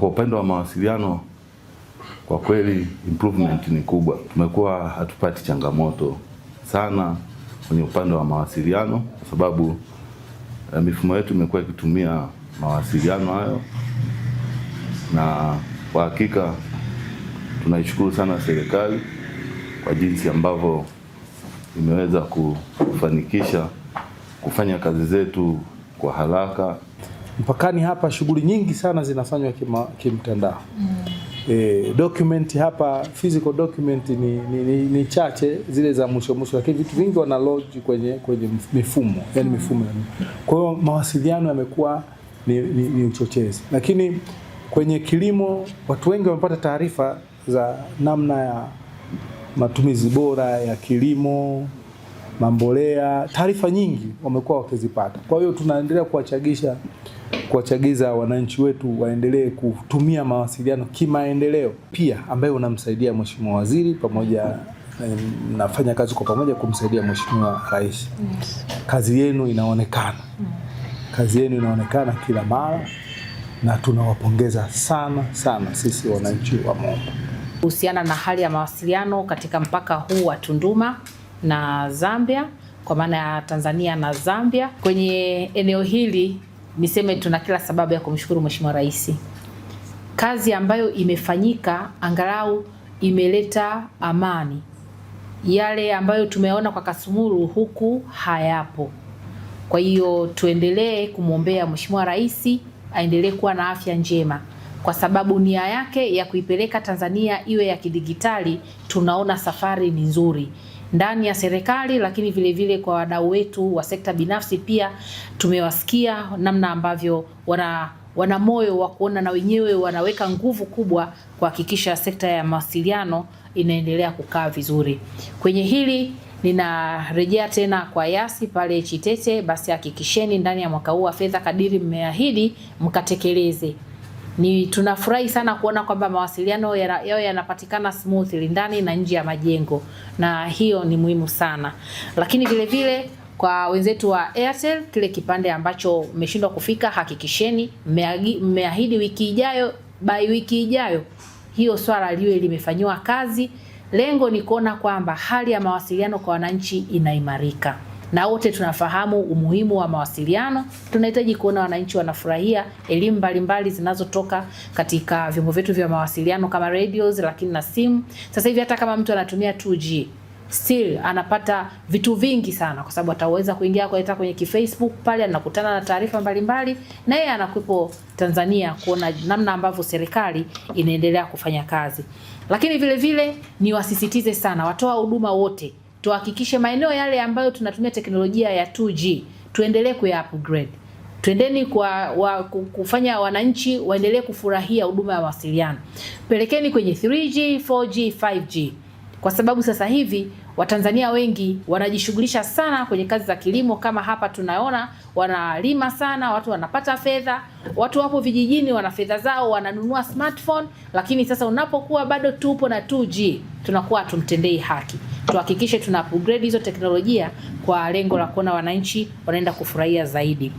Kwa upande wa mawasiliano kwa kweli improvement ni kubwa. Tumekuwa hatupati changamoto sana kwenye upande wa mawasiliano kwa sababu eh, mifumo yetu imekuwa ikitumia mawasiliano hayo, na kwa hakika tunaishukuru sana serikali kwa jinsi ambavyo imeweza kufanikisha kufanya kazi zetu kwa haraka mpakani hapa shughuli nyingi sana zinafanywa kimtandao mm. E, document hapa physical document ni, ni, ni, ni chache zile za mwisho mwisho, lakini vitu vingi wana lodge kwenye kwenye mifumo yani mifumo. Kwa hiyo mawasiliano yamekuwa ni, ni, ni uchochezi, lakini kwenye kilimo watu wengi wamepata taarifa za namna ya matumizi bora ya kilimo mambolea, taarifa nyingi wamekuwa wakizipata. Kwa hiyo tunaendelea kuwachagisha kuwachagiza wananchi wetu waendelee kutumia mawasiliano kimaendeleo, pia ambayo unamsaidia Mheshimiwa Waziri pamoja nafanya kazi kwa pamoja kumsaidia Mheshimiwa Rais. Kazi yenu inaonekana, kazi yenu inaonekana kila mara, na tunawapongeza sana sana sisi wananchi wa Momba. Kuhusiana na hali ya mawasiliano katika mpaka huu wa Tunduma na Zambia, kwa maana ya Tanzania na Zambia. Kwenye eneo hili niseme tuna kila sababu ya kumshukuru Mheshimiwa Rais. Kazi ambayo imefanyika angalau imeleta amani. Yale ambayo tumeona kwa kasumuru huku hayapo. Kwa hiyo tuendelee kumwombea Mheshimiwa Rais aendelee kuwa na afya njema, kwa sababu nia yake ya kuipeleka Tanzania iwe ya kidigitali, tunaona safari ni nzuri ndani ya serikali, lakini vile vile kwa wadau wetu wa sekta binafsi pia tumewasikia namna ambavyo wana wana moyo wa kuona na wenyewe wanaweka nguvu kubwa kuhakikisha sekta ya mawasiliano inaendelea kukaa vizuri. Kwenye hili ninarejea tena kwa Yasi pale Chitete, basi hakikisheni ndani ya mwaka huu wa fedha, kadiri mmeahidi mkatekeleze ni tunafurahi sana kuona kwamba mawasiliano yao yanapatikana smoothly ndani na nje ya majengo, na hiyo ni muhimu sana. Lakini vile vile kwa wenzetu wa Airtel, kile kipande ambacho mmeshindwa kufika, hakikisheni mmeahidi wiki ijayo, by wiki ijayo hiyo swala liwe limefanyiwa kazi. Lengo ni kuona kwamba hali ya mawasiliano kwa wananchi inaimarika na wote tunafahamu umuhimu wa mawasiliano. Tunahitaji kuona wananchi wanafurahia elimu mbalimbali zinazotoka katika vyombo vyetu vya mawasiliano kama radios, lakini na simu. Sasa hivi hata kama mtu anatumia 2G still anapata vitu vingi sana, kwa sababu ataweza kuingia kwa kwenye kifacebook pale, anakutana na taarifa mbalimbali, na yeye anakuwepo Tanzania kuona namna ambavyo serikali inaendelea kufanya kazi. Lakini vile vile niwasisitize sana watoa huduma wote tuhakikishe maeneo yale ambayo tunatumia teknolojia ya 2G tuendelee kuya upgrade. Twendeni kwa wa, kufanya wananchi waendelee kufurahia huduma ya mawasiliano. Pelekeni kwenye 3G, 4G, 5G kwa sababu sasa hivi Watanzania wengi wanajishughulisha sana kwenye kazi za kilimo, kama hapa tunaona wanalima sana, watu wanapata fedha, watu wapo vijijini, wana fedha zao, wananunua smartphone. Lakini sasa unapokuwa bado tupo na 2G, tunakuwa tumtendei haki tuhakikishe tuna upgrade hizo teknolojia kwa lengo la kuona wananchi wanaenda kufurahia zaidi.